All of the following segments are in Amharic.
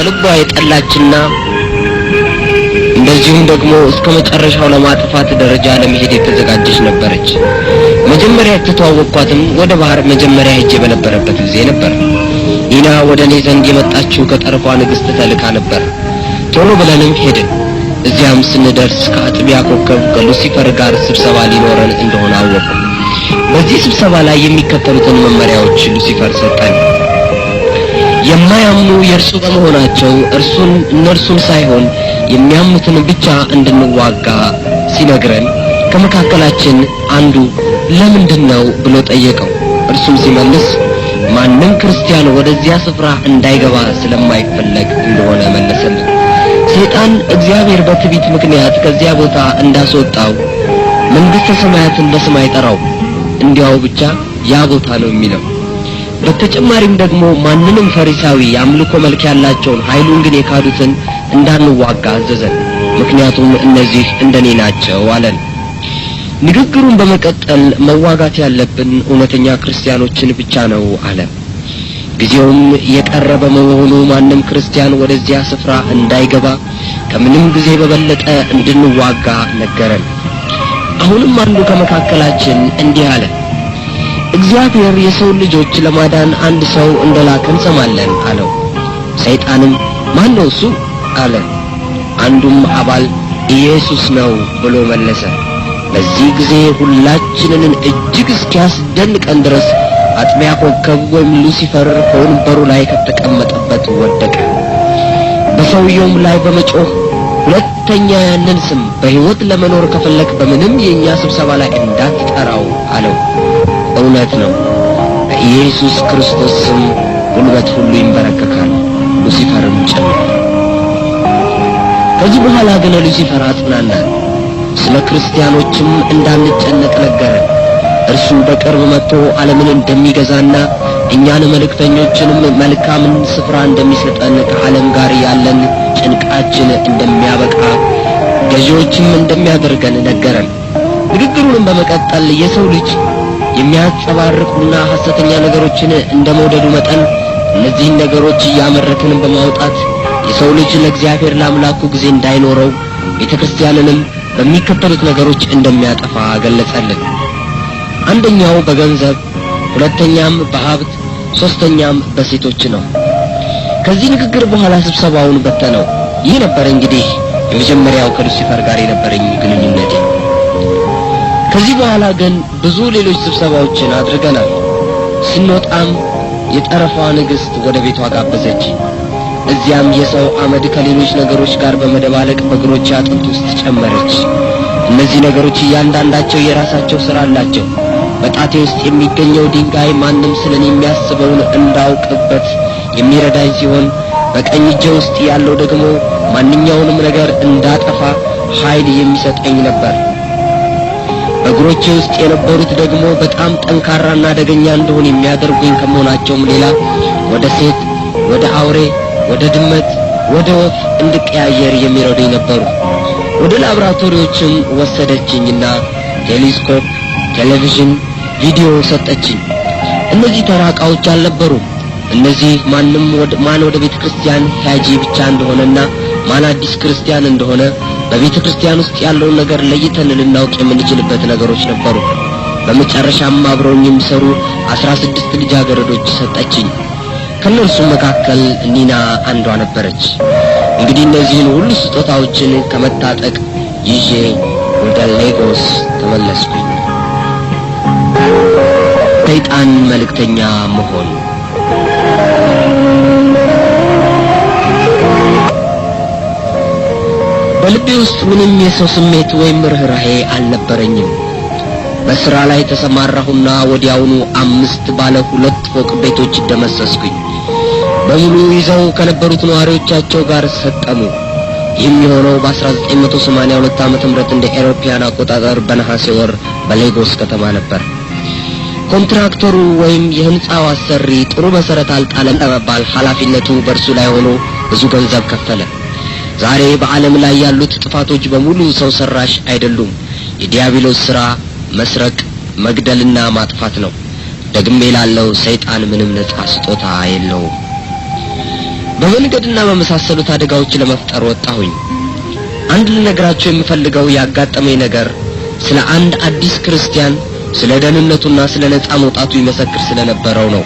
ከልቧ የጠላችና እንደዚሁም ደግሞ እስከ መጨረሻው ለማጥፋት ደረጃ ለመሄድ የተዘጋጀች ነበረች። መጀመሪያ የተተዋወቅኳትም ወደ ባህር መጀመሪያ ሄጄ በነበረበት ጊዜ ነበር። ኢና ወደ እኔ ዘንድ የመጣችው ከጠርፏ ንግሥት ተልካ ነበር። ቶሎ ብለንም ሄድን። እዚያም ስንደርስ ከአጥቢያ ኮከብ ከሉሲፈር ጋር ስብሰባ ሊኖረን እንደሆነ አወቁ። በዚህ ስብሰባ ላይ የሚከተሉትን መመሪያዎች ሉሲፈር ሰጠን። የማያምኑ የእርሱ በመሆናቸው እርሱን እነርሱን ሳይሆን የሚያምኑትን ብቻ እንድንዋጋ ሲነግረን ከመካከላችን አንዱ ለምንድን ነው ብሎ ጠየቀው። እርሱም ሲመልስ ማንም ክርስቲያን ወደዚያ ስፍራ እንዳይገባ ስለማይፈለግ እንደሆነ መለሰልን። ሰይጣን እግዚአብሔር በትዕቢት ምክንያት ከዚያ ቦታ እንዳስወጣው መንግሥተ ሰማያትን በስም አይጠራው፣ እንዲያው ብቻ ያ ቦታ ነው የሚለው በተጨማሪም ደግሞ ማንንም ፈሪሳዊ የአምልኮ መልክ ያላቸውን ኃይሉን ግን የካዱትን እንዳንዋጋ አዘዘን። ምክንያቱም እነዚህ እንደኔ ናቸው አለን። ንግግሩን በመቀጠል መዋጋት ያለብን እውነተኛ ክርስቲያኖችን ብቻ ነው አለ። ጊዜውም የቀረበ በመሆኑ ማንም ክርስቲያን ወደዚያ ስፍራ እንዳይገባ ከምንም ጊዜ በበለጠ እንድንዋጋ ነገረን። አሁንም አንዱ ከመካከላችን እንዲህ አለ እግዚአብሔር የሰው ልጆች ለማዳን አንድ ሰው እንደላከ እንሰማለን አለው። ሰይጣንም ማን ነው እሱ አለ። አንዱም አባል ኢየሱስ ነው ብሎ መለሰ። በዚህ ጊዜ ሁላችንን እጅግ እስኪያስደንቀን ድረስ አጥቢያ ኮከብ ወይም ሉሲፈር ከወንበሩ ላይ ከተቀመጠበት ወደቀ። በሰውየውም ላይ በመጮህ ሁለተኛ ያንን ስም በሕይወት ለመኖር ከፈለክ በምንም የእኛ ስብሰባ ላይ እንዳትጠራው አለው። እውነት ነው። በኢየሱስ ክርስቶስ ስም ጉልበት ሁሉ ይንበረከካል፣ ሉሲፈርም ጭምር። ከዚህ በኋላ ግን ሉሲፈር አጽናና፣ ስለ ክርስቲያኖችም እንዳንጨነቅ ነገረ። እርሱ በቅርብ መጥቶ ዓለምን እንደሚገዛና እኛን መልእክተኞችንም መልካምን ስፍራ እንደሚሰጠን ከዓለም ጋር ያለን ጭንቃችን እንደሚያበቃ ገዢዎችም እንደሚያደርገን ነገረን። ንግግሩንም በመቀጠል የሰው ልጅ የሚያንጸባርቁና ሐሰተኛ ነገሮችን እንደ መውደዱ መጠን እነዚህን ነገሮች እያመረትን በማውጣት የሰው ልጅ ለእግዚአብሔር ለአምላኩ ጊዜ እንዳይኖረው ቤተ ክርስቲያንንም በሚከተሉት ነገሮች እንደሚያጠፋ ገለጸልን። አንደኛው በገንዘብ፣ ሁለተኛም በሀብት፣ ሶስተኛም በሴቶች ነው። ከዚህ ንግግር በኋላ ስብሰባውን በተነው። ይህ ነበር እንግዲህ የመጀመሪያው ከሉሲፈር ጋር የነበረኝ ግንኙነት። ከዚህ በኋላ ግን ብዙ ሌሎች ስብሰባዎችን አድርገናል። ስንወጣም የጠረፏ ንግሥት ወደ ቤቷ ጋበዘች። እዚያም የሰው አመድ ከሌሎች ነገሮች ጋር በመደባለቅ በእግሮች አጥንት ውስጥ ጨመረች። እነዚህ ነገሮች እያንዳንዳቸው የራሳቸው ሥራ አላቸው። በጣቴ ውስጥ የሚገኘው ድንጋይ ማንም ስለን የሚያስበውን እንዳውቅበት የሚረዳኝ ሲሆን በቀኝ እጄ ውስጥ ያለው ደግሞ ማንኛውንም ነገር እንዳጠፋ ኃይል የሚሰጠኝ ነበር። በእግሮቼ ውስጥ የነበሩት ደግሞ በጣም ጠንካራና አደገኛ እንደሆን የሚያደርጉኝ ከመሆናቸውም ሌላ ወደ ሴት፣ ወደ አውሬ፣ ወደ ድመት፣ ወደ ወፍ እንድቀያየር የሚረዱኝ ነበሩ። ወደ ላብራቶሪዎችም ወሰደችኝና ቴሌስኮፕ፣ ቴሌቪዥን፣ ቪዲዮ ሰጠችኝ። እነዚህ ተራ እቃዎች አልነበሩም። እነዚህ ማንም ማን ወደ ቤተ ክርስቲያን ሂጂ ብቻ እንደሆነና ማን አዲስ ክርስቲያን እንደሆነ በቤተ ክርስቲያን ውስጥ ያለውን ነገር ለይተን ልናውቅ የምንችልበት ነገሮች ነበሩ። በመጨረሻም አብረውኝ የሚሰሩ አስራ ስድስት ልጃገረዶች ሰጠችኝ። ከእነርሱም መካከል ኒና አንዷ ነበረች። እንግዲህ እነዚህን ሁሉ ስጦታዎችን ከመታጠቅ ይዤ ወደ ሌጎስ ተመለስኩኝ። ሰይጣን መልእክተኛ መሆን በልቤ ውስጥ ምንም የሰው ስሜት ወይም ርኅራሄ አልነበረኝም። በሥራ ላይ ተሰማራሁና ወዲያውኑ አምስት ባለ ሁለት ፎቅ ቤቶች ደመሰስኩኝ። በሙሉ ይዘው ከነበሩት ነዋሪዎቻቸው ጋር ሰጠሙ። ይህም የሆነው በ1982 ዓ.ም እንደ ኤሮፓያን አቆጣጠር በነሐሴ ወር በሌጎስ ከተማ ነበር። ኮንትራክተሩ ወይም የህንፃው አሰሪ ጥሩ መሰረት አልጣለም ለመባል ኃላፊነቱ በእርሱ ላይ ሆኖ ብዙ ገንዘብ ከፈለ። ዛሬ በዓለም ላይ ያሉት ጥፋቶች በሙሉ ሰው ሰራሽ አይደሉም። የዲያብሎስ ስራ መስረቅ፣ መግደልና ማጥፋት ነው። ደግሜ ላለው ሰይጣን ምንም ነጻ ስጦታ የለውም። በመንገድና በመሳሰሉት አደጋዎች ለመፍጠር ወጣሁኝ። አንድ ልነግራቸው የምፈልገው ያጋጠመኝ ነገር ስለ አንድ አዲስ ክርስቲያን ስለ ደህንነቱና ስለ ነጻ መውጣቱ ይመሰክር ስለነበረው ነው።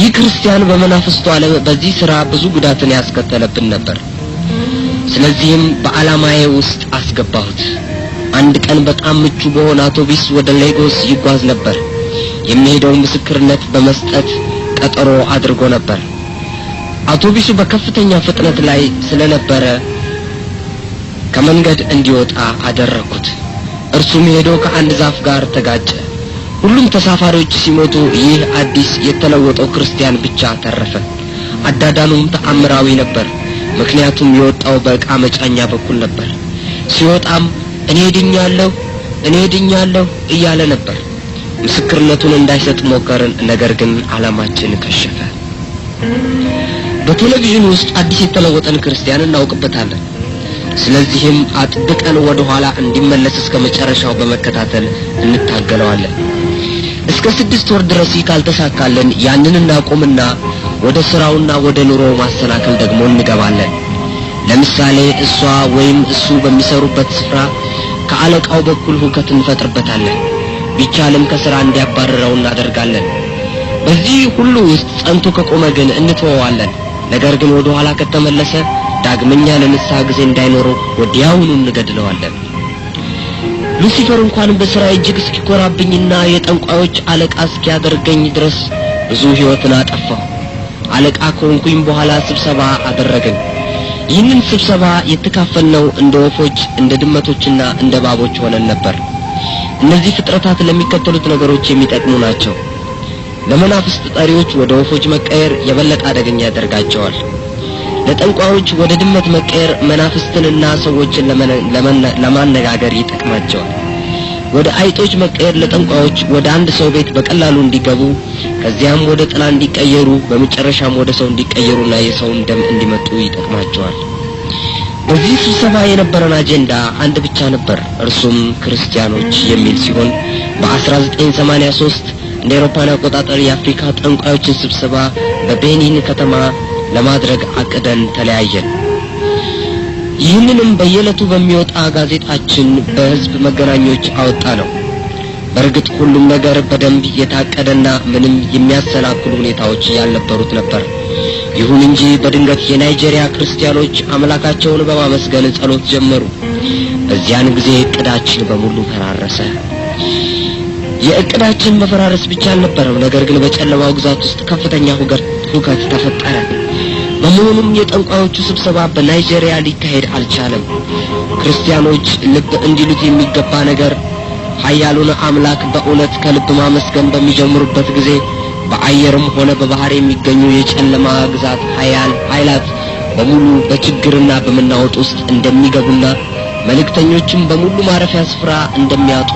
ይህ ክርስቲያን በመናፍስቱ ዓለም በዚህ ስራ ብዙ ጉዳትን ያስከተለብን ነበር። ስለዚህም በዓላማዬ ውስጥ አስገባሁት። አንድ ቀን በጣም ምቹ በሆነ አውቶቡስ ወደ ሌጎስ ይጓዝ ነበር። የሚሄደው ምስክርነት በመስጠት ቀጠሮ አድርጎ ነበር። አውቶቡሱ በከፍተኛ ፍጥነት ላይ ስለነበረ ከመንገድ እንዲወጣ አደረግኩት። እርሱም ሄዶ ከአንድ ዛፍ ጋር ተጋጨ። ሁሉም ተሳፋሪዎች ሲሞቱ ይህ አዲስ የተለወጠው ክርስቲያን ብቻ ተረፈ። አዳዳኑም ተአምራዊ ነበር። ምክንያቱም የወጣው በእቃ መጫኛ በኩል ነበር። ሲወጣም እኔ ድኛለሁ፣ እኔ ድኛለሁ እያለ ነበር። ምስክርነቱን እንዳይሰጥ ሞከርን፣ ነገር ግን ዓላማችን ከሸፈ። በቴሌቪዥን ውስጥ አዲስ የተለወጠን ክርስቲያን እናውቅበታለን። ስለዚህም አጥብቀን ወደ ኋላ እንዲመለስ እስከ መጨረሻው በመከታተል እንታገለዋለን። እስከ ስድስት ወር ድረስ ካልተሳካለን ያንን እናቆምና ወደ ስራውና ወደ ኑሮው ማሰናከል ደግሞ እንገባለን። ለምሳሌ እሷ ወይም እሱ በሚሰሩበት ስፍራ ከአለቃው በኩል ሁከት እንፈጥርበታለን። ቢቻልም ከስራ እንዲያባረረው እናደርጋለን። በዚህ ሁሉ ውስጥ ጸንቶ ከቆመ ግን እንተወዋለን። ነገር ግን ወደ ኋላ ከተመለሰ ዳግመኛ ለንስሐ ጊዜ እንዳይኖረው ወዲያውኑ እንገድለዋለን። ሉሲፈር እንኳን በስራ እጅግ እስኪኮራብኝና የጠንቋዮች አለቃ እስኪያደርገኝ ድረስ ብዙ ሕይወትን አጠፋሁ። አለቃ ከሆንኩኝ በኋላ ስብሰባ አደረግን። ይህንን ስብሰባ የተካፈልነው እንደ ወፎች፣ እንደ ድመቶችና እንደ ባቦች ሆነን ነበር። እነዚህ ፍጥረታት ለሚከተሉት ነገሮች የሚጠቅሙ ናቸው። ለመናፍስት ጠሪዎች ወደ ወፎች መቀየር የበለጠ አደገኛ ያደርጋቸዋል። ለጠንቋዮች ወደ ድመት መቀየር መናፍስትንና ሰዎችን ለማነጋገር ይጠቅማቸዋል። ወደ አይጦች መቀየር ለጠንቋዮች ወደ አንድ ሰው ቤት በቀላሉ እንዲገቡ ከዚያም ወደ ጥላ እንዲቀየሩ በመጨረሻም ወደ ሰው እንዲቀየሩና የሰውን ደም እንዲመጡ ይጠቅማቸዋል። በዚህ ስብሰባ የነበረን አጀንዳ አንድ ብቻ ነበር፣ እርሱም ክርስቲያኖች የሚል ሲሆን በ1983 እንደ አውሮፓን አቆጣጠር የአፍሪካ ጠንቋዮችን ስብሰባ በቤኒን ከተማ ለማድረግ አቅደን ተለያየን። ይህንንም በየዕለቱ በሚወጣ ጋዜጣችን በህዝብ መገናኞች አወጣ ነው። በእርግጥ ሁሉም ነገር በደንብ የታቀደና ምንም የሚያሰላክሉ ሁኔታዎች ያልነበሩት ነበር። ይሁን እንጂ በድንገት የናይጄሪያ ክርስቲያኖች አምላካቸውን በማመስገን ጸሎት ጀመሩ። በዚያን ጊዜ እቅዳችን በሙሉ ፈራረሰ። የእቅዳችን መፈራረስ ብቻ አልነበረም፣ ነገር ግን በጨለማው ግዛት ውስጥ ከፍተኛ ሁከት ተፈጠረ። በመሆኑም የጠንቋዮቹ ስብሰባ በናይጄሪያ ሊካሄድ አልቻለም። ክርስቲያኖች ልብ እንዲሉት የሚገባ ነገር ኃያሉን አምላክ በእውነት ከልብ ማመስገን በሚጀምሩበት ጊዜ በአየርም ሆነ በባህር የሚገኙ የጨለማ ግዛት ኃያል ኃይላት በሙሉ በችግርና በመናወጥ ውስጥ እንደሚገቡና መልእክተኞችም በሙሉ ማረፊያ ስፍራ እንደሚያጡ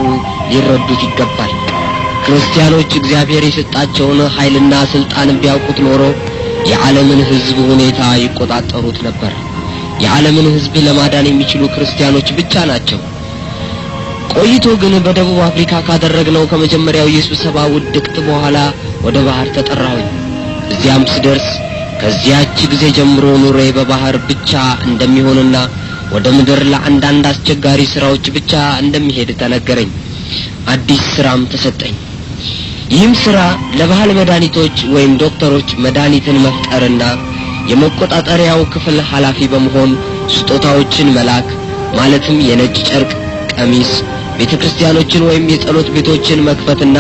ሊረዱት ይገባል። ክርስቲያኖች እግዚአብሔር የሰጣቸውን ኃይልና ስልጣን ቢያውቁት ኖሮ የዓለምን ሕዝብ ሁኔታ ይቆጣጠሩት ነበር። የዓለምን ሕዝብ ለማዳን የሚችሉ ክርስቲያኖች ብቻ ናቸው። ቆይቶ ግን በደቡብ አፍሪካ ካደረግነው ከመጀመሪያው የስብሰባ ውድቅት በኋላ ወደ ባህር ተጠራሁኝ። እዚያም ስደርስ ከዚያች ጊዜ ጀምሮ ኑሬ በባህር ብቻ እንደሚሆንና ወደ ምድር ለአንዳንድ አስቸጋሪ ስራዎች ብቻ እንደሚሄድ ተነገረኝ። አዲስ ስራም ተሰጠኝ። ይህም ስራ ለባህል መድኃኒቶች ወይም ዶክተሮች መድኃኒትን መፍጠርና የመቆጣጠሪያው ክፍል ኃላፊ በመሆን ስጦታዎችን መላክ ማለትም የነጭ ጨርቅ ቀሚስ፣ ቤተ ክርስቲያኖችን ወይም የጸሎት ቤቶችን መክፈትና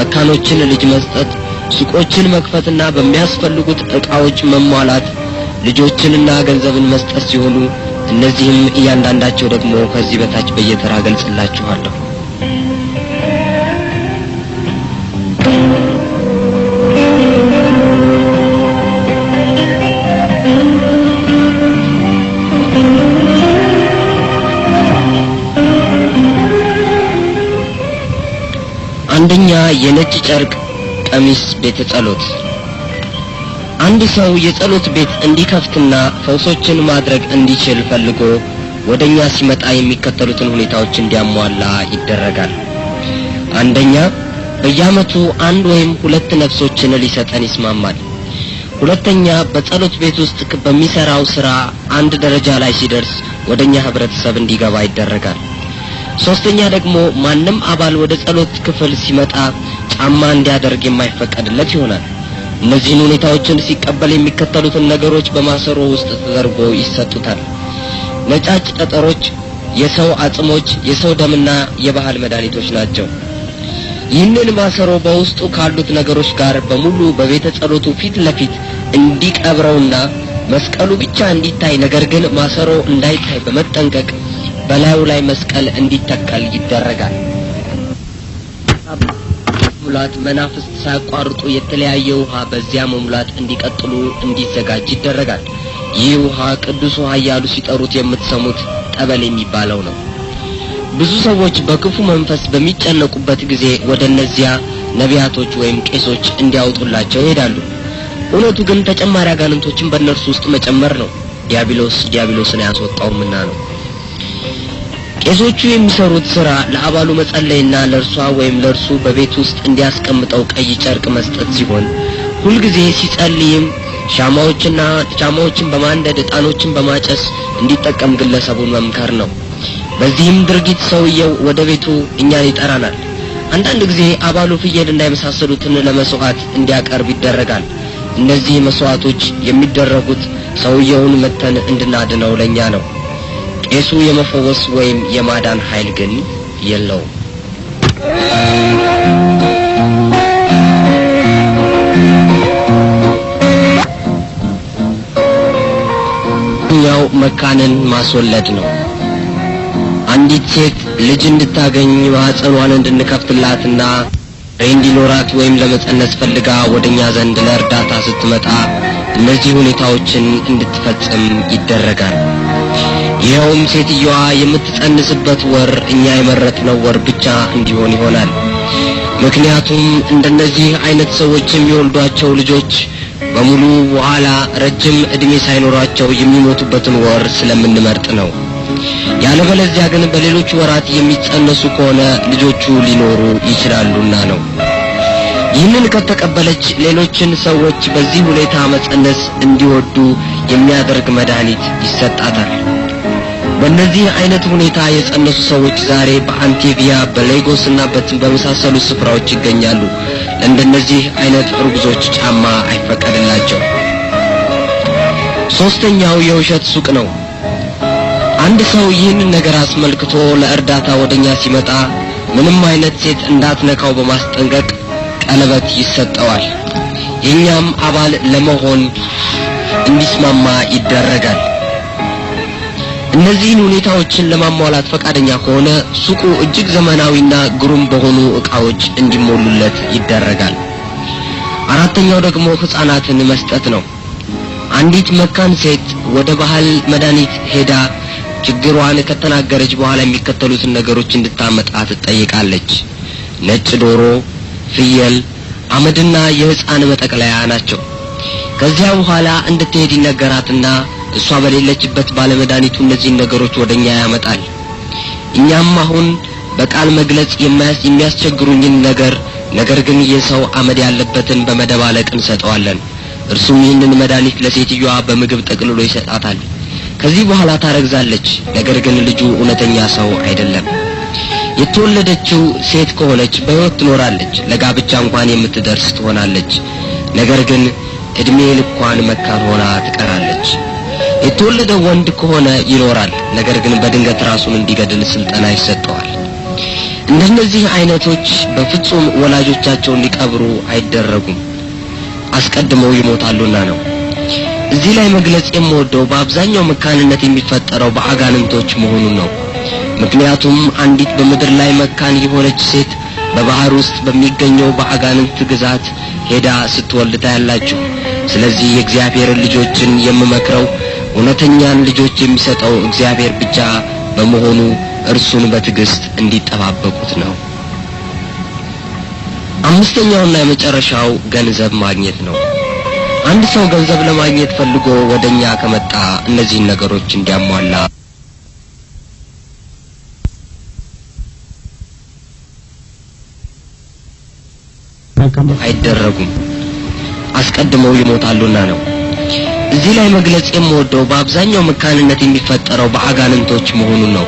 መካኖችን ልጅ መስጠት፣ ሱቆችን መክፈትና በሚያስፈልጉት ዕቃዎች መሟላት፣ ልጆችንና ገንዘብን መስጠት ሲሆኑ እነዚህም እያንዳንዳቸው ደግሞ ከዚህ በታች በየተራ ገልጽላችኋለሁ። አንደኛ የነጭ ጨርቅ ቀሚስ ቤተ ጸሎት አንድ ሰው የጸሎት ቤት እንዲከፍትና ፈውሶችን ማድረግ እንዲችል ፈልጎ ወደኛ ሲመጣ የሚከተሉትን ሁኔታዎች እንዲያሟላ ይደረጋል። አንደኛ በየዓመቱ አንድ ወይም ሁለት ነፍሶችን ሊሰጠን ይስማማል። ሁለተኛ በጸሎት ቤት ውስጥ በሚሰራው ስራ አንድ ደረጃ ላይ ሲደርስ ወደኛ ህብረተሰብ እንዲገባ ይደረጋል። ሶስተኛ ደግሞ ማንም አባል ወደ ጸሎት ክፍል ሲመጣ ጫማ እንዲያደርግ የማይፈቀድለት ይሆናል። እነዚህን ሁኔታዎችን ሲቀበል የሚከተሉትን ነገሮች በማሰሮ ውስጥ ተደርጎ ይሰጡታል። ነጫጭ ጠጠሮች፣ የሰው አጽሞች፣ የሰው ደምና የባህል መድኃኒቶች ናቸው። ይህንን ማሰሮ በውስጡ ካሉት ነገሮች ጋር በሙሉ በቤተ ጸሎቱ ፊት ለፊት እንዲቀብረውና መስቀሉ ብቻ እንዲታይ ነገር ግን ማሰሮ እንዳይታይ በመጠንቀቅ በላዩ ላይ መስቀል እንዲተከል ይደረጋል። ሙላት መናፍስት ሳያቋርጡ የተለያየ ውሃ በዚያ መሙላት እንዲቀጥሉ እንዲዘጋጅ ይደረጋል። ይህ ውሃ ቅዱስ ውሃ እያሉ ሲጠሩት የምትሰሙት ጠበል የሚባለው ነው። ብዙ ሰዎች በክፉ መንፈስ በሚጨነቁበት ጊዜ ወደ እነዚያ ነቢያቶች ወይም ቄሶች እንዲያወጡላቸው ይሄዳሉ። እውነቱ ግን ተጨማሪ አጋንንቶችን በእነርሱ ውስጥ መጨመር ነው። ዲያብሎስ ዲያብሎስን ያስወጣውምና ነው። ቄሶቹ የሚሰሩት ስራ ለአባሉ መጸለይና ለእርሷ ወይም ለእርሱ በቤት ውስጥ እንዲያስቀምጠው ቀይ ጨርቅ መስጠት ሲሆን ሁልጊዜ ሲጸልይም ሻማዎችና ሻማዎችን በማንደድ ዕጣኖችን በማጨስ እንዲጠቀም ግለሰቡን መምከር ነው። በዚህም ድርጊት ሰውየው ወደ ቤቱ እኛን ይጠራናል። አንዳንድ ጊዜ አባሉ ፍየል እንዳይመሳሰሉትን ለመስዋዕት እንዲያቀርብ ይደረጋል። እነዚህ መስዋዕቶች የሚደረጉት ሰውየውን መተን እንድናድነው ለእኛ ነው። ቄሱ የመፈወስ ወይም የማዳን ኃይል ግን የለውም። ያው መካንን ማስወለድ ነው። አንዲት ሴት ልጅ እንድታገኝ ማህፀኗን እንድንከፍትላትና እንዲኖራት ወይም ለመጸነስ ፈልጋ ወደኛ ዘንድ ለእርዳታ ስትመጣ እነዚህ ሁኔታዎችን እንድትፈጽም ይደረጋል። ይኸውም ሴትየዋ የምትጸንስበት ወር እኛ የመረጥነው ወር ብቻ እንዲሆን ይሆናል። ምክንያቱም እንደነዚህ አይነት ሰዎች የሚወልዷቸው ልጆች በሙሉ በኋላ ረጅም ዕድሜ ሳይኖሯቸው የሚሞቱበትን ወር ስለምንመርጥ ነው። ያለበለዚያ ግን በሌሎች ወራት የሚጸነሱ ከሆነ ልጆቹ ሊኖሩ ይችላሉና ነው። ይህንን ከተቀበለች ሌሎችን ሰዎች በዚህ ሁኔታ መጸነስ እንዲወዱ የሚያደርግ መድኃኒት ይሰጣታል። በእነዚህ አይነት ሁኔታ የጸነሱ ሰዎች ዛሬ በአንቴቪያ በሌጎስ እና በመሳሰሉ ስፍራዎች ይገኛሉ። ለእንደነዚህ አይነት እርጉዞች ጫማ አይፈቀድላቸው። ሶስተኛው የውሸት ሱቅ ነው። አንድ ሰው ይህን ነገር አስመልክቶ ለእርዳታ ወደኛ ሲመጣ ምንም አይነት ሴት እንዳትነካው በማስጠንቀቅ ቀለበት ይሰጠዋል። የኛም አባል ለመሆን እንዲስማማ ይደረጋል። እነዚህን ሁኔታዎችን ለማሟላት ፈቃደኛ ከሆነ ሱቁ እጅግ ዘመናዊና ግሩም በሆኑ እቃዎች እንዲሞሉለት ይደረጋል። አራተኛው ደግሞ ሕፃናትን መስጠት ነው። አንዲት መካን ሴት ወደ ባህል መድኃኒት ሄዳ ችግሯን ከተናገረች በኋላ የሚከተሉትን ነገሮች እንድታመጣ ትጠይቃለች። ነጭ ዶሮ፣ ፍየል፣ አመድና የህፃን መጠቅለያ ናቸው። ከዚያ በኋላ እንድትሄድ ይነገራትና እሷ በሌለችበት ባለመድኃኒቱ እነዚህን ነገሮች ወደ እኛ ያመጣል። እኛም አሁን በቃል መግለጽ የሚያስቸግሩኝን ነገር ነገር ግን የሰው አመድ ያለበትን በመደባለቅ እንሰጠዋለን። እርሱም ይህንን መድኃኒት ለሴትዮዋ በምግብ ጠቅልሎ ይሰጣታል። ከዚህ በኋላ ታረግዛለች። ነገር ግን ልጁ እውነተኛ ሰው አይደለም። የተወለደችው ሴት ከሆነች በሕይወት ትኖራለች፣ ለጋብቻ እንኳን የምትደርስ ትሆናለች። ነገር ግን ዕድሜ ልኳን መካን ሆና ትቀራለች። የተወለደ ወንድ ከሆነ ይኖራል፣ ነገር ግን በድንገት ራሱን እንዲገድል ስልጠና ይሰጠዋል። እንደነዚህ አይነቶች በፍጹም ወላጆቻቸውን ሊቀብሩ አይደረጉም፣ አስቀድመው ይሞታሉና ነው። እዚህ ላይ መግለጽ የምወደው በአብዛኛው መካንነት የሚፈጠረው በአጋንንቶች መሆኑን ነው። ምክንያቱም አንዲት በምድር ላይ መካን የሆነች ሴት በባህር ውስጥ በሚገኘው በአጋንንት ግዛት ሄዳ ስትወልድ ታያላችሁ። ስለዚህ የእግዚአብሔርን ልጆችን የምመክረው እውነተኛን ልጆች የሚሰጠው እግዚአብሔር ብቻ በመሆኑ እርሱን በትዕግስት እንዲጠባበቁት ነው። አምስተኛውና የመጨረሻው ገንዘብ ማግኘት ነው። አንድ ሰው ገንዘብ ለማግኘት ፈልጎ ወደኛ ከመጣ እነዚህን ነገሮች እንዲያሟላ አይደረጉም፣ አስቀድመው ይሞታሉና ነው። እዚህ ላይ መግለጽ የምወደው በአብዛኛው መካንነት የሚፈጠረው በአጋንንቶች መሆኑን ነው።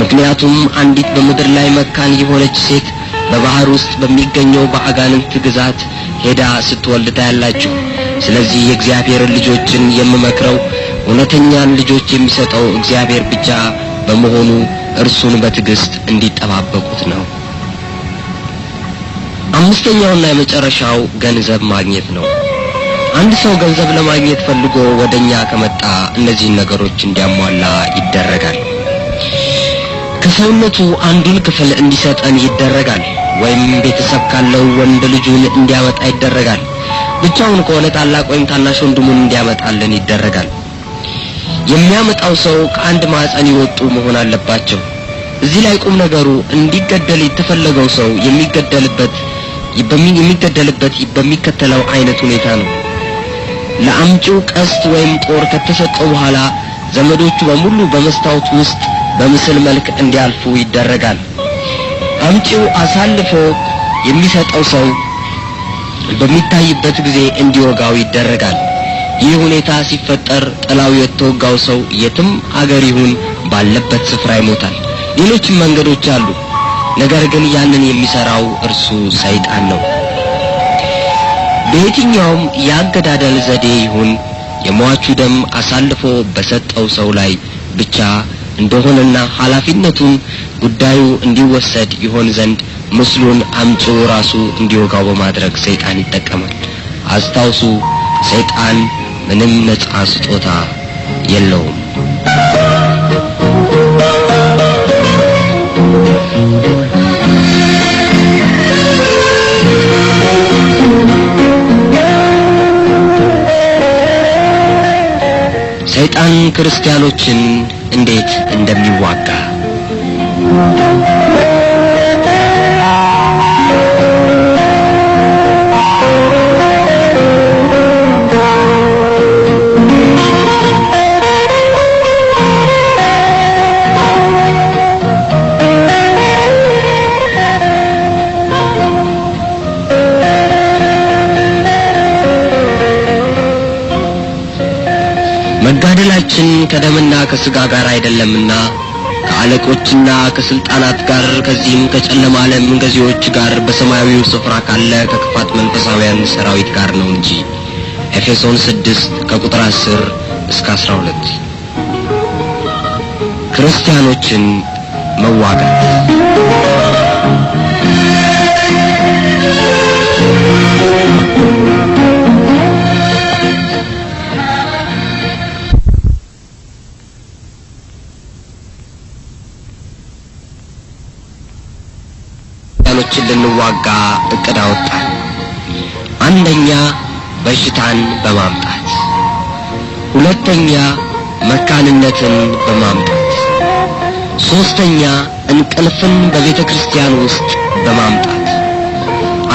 ምክንያቱም አንዲት በምድር ላይ መካን የሆነች ሴት በባህር ውስጥ በሚገኘው በአጋንንት ግዛት ሄዳ ስትወልዳ ያላችሁ ስለዚህ የእግዚአብሔርን ልጆችን የምመክረው እውነተኛን ልጆች የሚሰጠው እግዚአብሔር ብቻ በመሆኑ እርሱን በትዕግስት እንዲጠባበቁት ነው። አምስተኛውና የመጨረሻው ገንዘብ ማግኘት ነው። አንድ ሰው ገንዘብ ለማግኘት ፈልጎ ወደኛ ከመጣ እነዚህን ነገሮች እንዲያሟላ ይደረጋል። ከሰውነቱ አንዱን ክፍል እንዲሰጠን ይደረጋል። ወይም ቤተሰብ ካለው ወንድ ልጁን እንዲያመጣ ይደረጋል። ብቻውን ከሆነ ታላቅ ወይም ታናሽ ወንድሙን እንዲያመጣልን ይደረጋል። የሚያመጣው ሰው ከአንድ ማዕፀን ይወጡ መሆን አለባቸው። እዚህ ላይ ቁም ነገሩ እንዲገደል የተፈለገው ሰው የሚገደልበት የሚገደልበት በሚከተለው አይነት ሁኔታ ነው። ለአምጪው ቀስት ወይም ጦር ከተሰጠው በኋላ ዘመዶቹ በሙሉ በመስታወት ውስጥ በምስል መልክ እንዲያልፉ ይደረጋል። አምጪው አሳልፎ የሚሰጠው ሰው በሚታይበት ጊዜ እንዲወጋው ይደረጋል። ይህ ሁኔታ ሲፈጠር ጥላው የተወጋው ሰው የትም አገር ይሁን ባለበት ስፍራ ይሞታል። ሌሎችም መንገዶች አሉ። ነገር ግን ያንን የሚሰራው እርሱ ሰይጣን ነው። በየትኛውም የአገዳደል ዘዴ ይሁን የሟቹ ደም አሳልፎ በሰጠው ሰው ላይ ብቻ እንደሆነና ኃላፊነቱን ጉዳዩ እንዲወሰድ ይሆን ዘንድ ምስሉን አምጾ ራሱ እንዲወጋው በማድረግ ሰይጣን ይጠቀማል። አስታውሱ፣ ሰይጣን ምንም ነጻ ስጦታ የለውም። ክርስቲያኖችን እንዴት እንደሚዋጋ ሕይወታችን ከደምና ከሥጋ ጋር አይደለምና ከአለቆችና ከሥልጣናት ጋር ከዚህም ከጨለማ ዓለም ገዢዎች ጋር በሰማያዊው ስፍራ ካለ ከክፋት መንፈሳውያን ሰራዊት ጋር ነው እንጂ። ኤፌሶን 6 ከቁጥር 10 እስከ 12። ክርስቲያኖችን መዋጋት እንድንዋጋ እቅድ አወጣል አንደኛ በሽታን በማምጣት ሁለተኛ መካንነትን በማምጣት ሦስተኛ እንቅልፍን በቤተ ክርስቲያን ውስጥ በማምጣት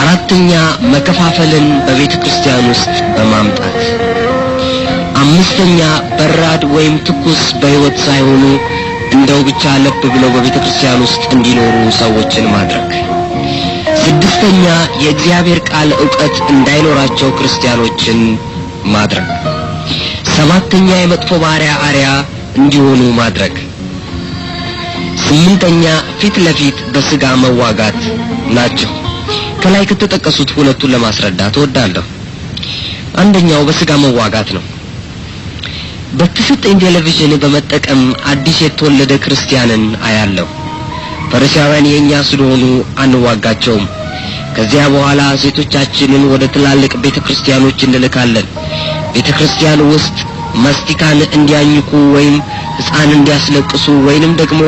አራተኛ መከፋፈልን በቤተ ክርስቲያን ውስጥ በማምጣት አምስተኛ በራድ ወይም ትኩስ በሕይወት ሳይሆኑ እንደው ብቻ ለብ ብለው በቤተ ክርስቲያን ውስጥ እንዲኖሩ ሰዎችን ማድረግ ስድስተኛ የእግዚአብሔር ቃል ዕውቀት እንዳይኖራቸው ክርስቲያኖችን ማድረግ። ሰባተኛ የመጥፎ ባሪያ አርያ እንዲሆኑ ማድረግ። ስምንተኛ ፊት ለፊት በስጋ መዋጋት ናቸው። ከላይ ከተጠቀሱት ሁለቱን ለማስረዳት እወዳለሁ። አንደኛው በስጋ መዋጋት ነው። በተሰጠኝ ቴሌቪዥን በመጠቀም አዲስ የተወለደ ክርስቲያንን አያለሁ። ፈሪሳውያን የእኛ ስለሆኑ አንዋጋቸውም። ከዚያ በኋላ ሴቶቻችንን ወደ ትላልቅ ቤተ ክርስቲያኖች እንልካለን። ቤተ ክርስቲያን ውስጥ ማስቲካን እንዲያኝኩ ወይም ሕፃን እንዲያስለቅሱ ወይንም ደግሞ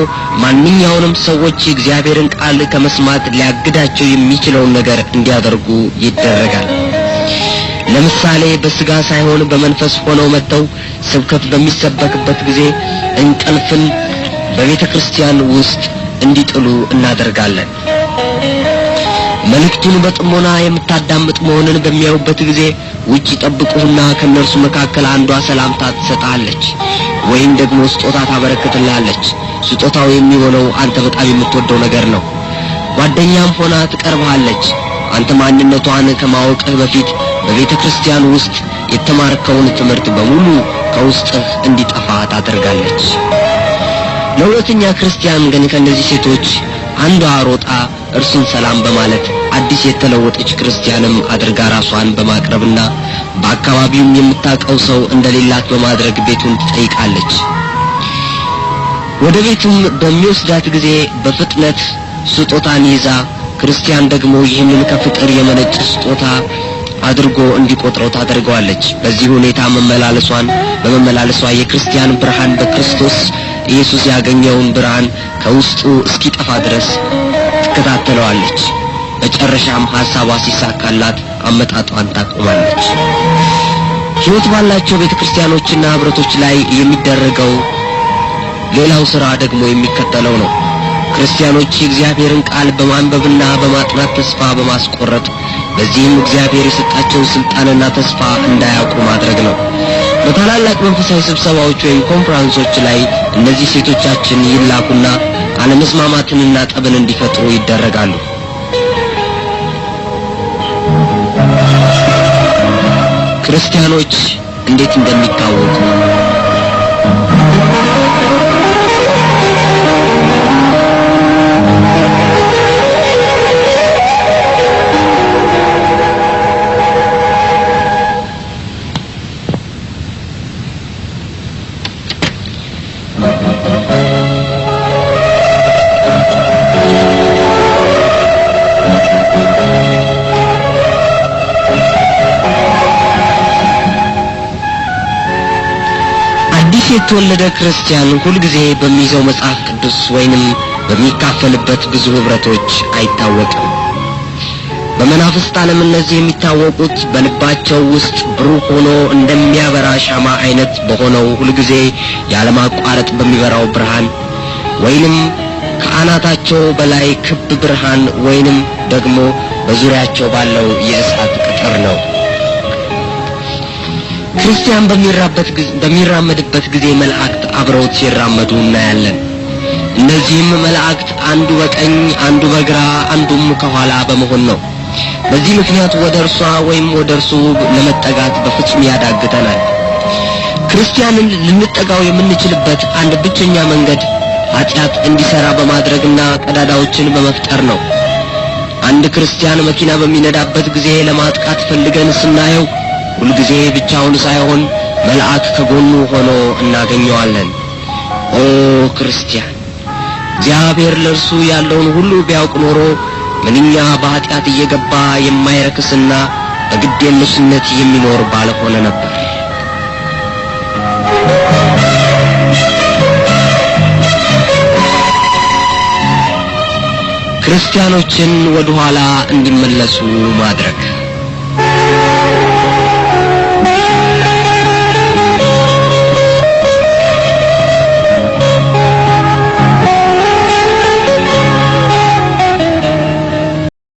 ማንኛውንም ሰዎች የእግዚአብሔርን ቃል ከመስማት ሊያግዳቸው የሚችለውን ነገር እንዲያደርጉ ይደረጋል። ለምሳሌ በስጋ ሳይሆን በመንፈስ ሆነው መጥተው ስብከት በሚሰበክበት ጊዜ እንቅልፍን በቤተ ክርስቲያን ውስጥ እንዲጥሉ እናደርጋለን። መልእክቱን በጥሞና የምታዳምጥ መሆንን በሚያዩበት ጊዜ ውጭ ጠብቁህና ከእነርሱ መካከል አንዷ ሰላምታ ትሰጣለች ወይም ደግሞ ስጦታ ታበረክትላለች። ስጦታው የሚሆነው አንተ በጣም የምትወደው ነገር ነው። ጓደኛም ሆና ትቀርብሃለች። አንተ ማንነቷን ከማወቅህ በፊት በቤተ ክርስቲያን ውስጥ የተማርከውን ትምህርት በሙሉ ከውስጥህ እንዲጠፋ ታደርጋለች። ለሁለተኛ ክርስቲያን ግን ከነዚህ ሴቶች አንዷ ሮጣ እርሱን ሰላም በማለት አዲስ የተለወጠች ክርስቲያንም አድርጋ ራሷን በማቅረብና በአካባቢውም የምታውቀው ሰው እንደሌላት በማድረግ ቤቱን ትጠይቃለች። ወደ ቤቱም በሚወስዳት ጊዜ በፍጥነት ስጦታን ይዛ ክርስቲያን ደግሞ ይህንን ከፍቅር የመነጭ ስጦታ አድርጎ እንዲቆጥረው ታደርገዋለች። በዚህ ሁኔታ መመላለሷን በመመላለሷ የክርስቲያን ብርሃን በክርስቶስ ኢየሱስ ያገኘውን ብርሃን ከውስጡ እስኪጠፋ ድረስ ትከታተለዋለች። መጨረሻም ሐሳቧ ሲሳካላት አመጣጧን ታቆማለች። ሕይወት ባላቸው ቤተ ክርስቲያኖችና ኅብረቶች ላይ የሚደረገው ሌላው ሥራ ደግሞ የሚከተለው ነው። ክርስቲያኖች የእግዚአብሔርን ቃል በማንበብና በማጥናት ተስፋ በማስቆረጥ በዚህም እግዚአብሔር የሰጣቸውን ሥልጣንና ተስፋ እንዳያውቁ ማድረግ ነው። በታላላቅ መንፈሳዊ ስብሰባዎች ወይም ኮንፈረንሶች ላይ እነዚህ ሴቶቻችን ይላኩና አለመስማማትንና ጠብን እንዲፈጥሩ ይደረጋሉ። ክርስቲያኖች እንዴት እንደሚታወቁ የተወለደ ክርስቲያን ሁልጊዜ በሚይዘው መጽሐፍ ቅዱስ ወይንም በሚካፈልበት ብዙ ኅብረቶች አይታወቅም። በመናፍስት ዓለም እነዚህ የሚታወቁት በልባቸው ውስጥ ብሩህ ሆኖ እንደሚያበራ ሻማ አይነት በሆነው ሁልጊዜ ያለማቋረጥ በሚበራው ብርሃን ወይንም ከአናታቸው በላይ ክብ ብርሃን ወይንም ደግሞ በዙሪያቸው ባለው የእሳት ቅጥር ነው። ክርስቲያን በሚራመድበት ጊዜ መላእክት አብረውት ሲራመዱ እናያለን። እነዚህም መላእክት አንዱ በቀኝ አንዱ በግራ አንዱም ከኋላ በመሆን ነው። በዚህ ምክንያት ወደ እርሷ ወይም ወደ እርሱ ለመጠጋት በፍጹም ያዳግተናል። ክርስቲያንን ልንጠጋው የምንችልበት አንድ ብቸኛ መንገድ ኃጢአት እንዲሰራ በማድረግና ቀዳዳዎችን በመፍጠር ነው። አንድ ክርስቲያን መኪና በሚነዳበት ጊዜ ለማጥቃት ፈልገን ስናየው ሁልጊዜ ብቻውን ሳይሆን መልአክ ከጎኑ ሆኖ እናገኘዋለን። ኦ ክርስቲያን፣ እግዚአብሔር ለእርሱ ያለውን ሁሉ ቢያውቅ ኖሮ ምንኛ በአጥያት እየገባ የማይረክስና በግድ የሚኖር ባለሆነ ነበር። ክርስቲያኖችን ወደ ኋላ እንዲመለሱ ማድረግ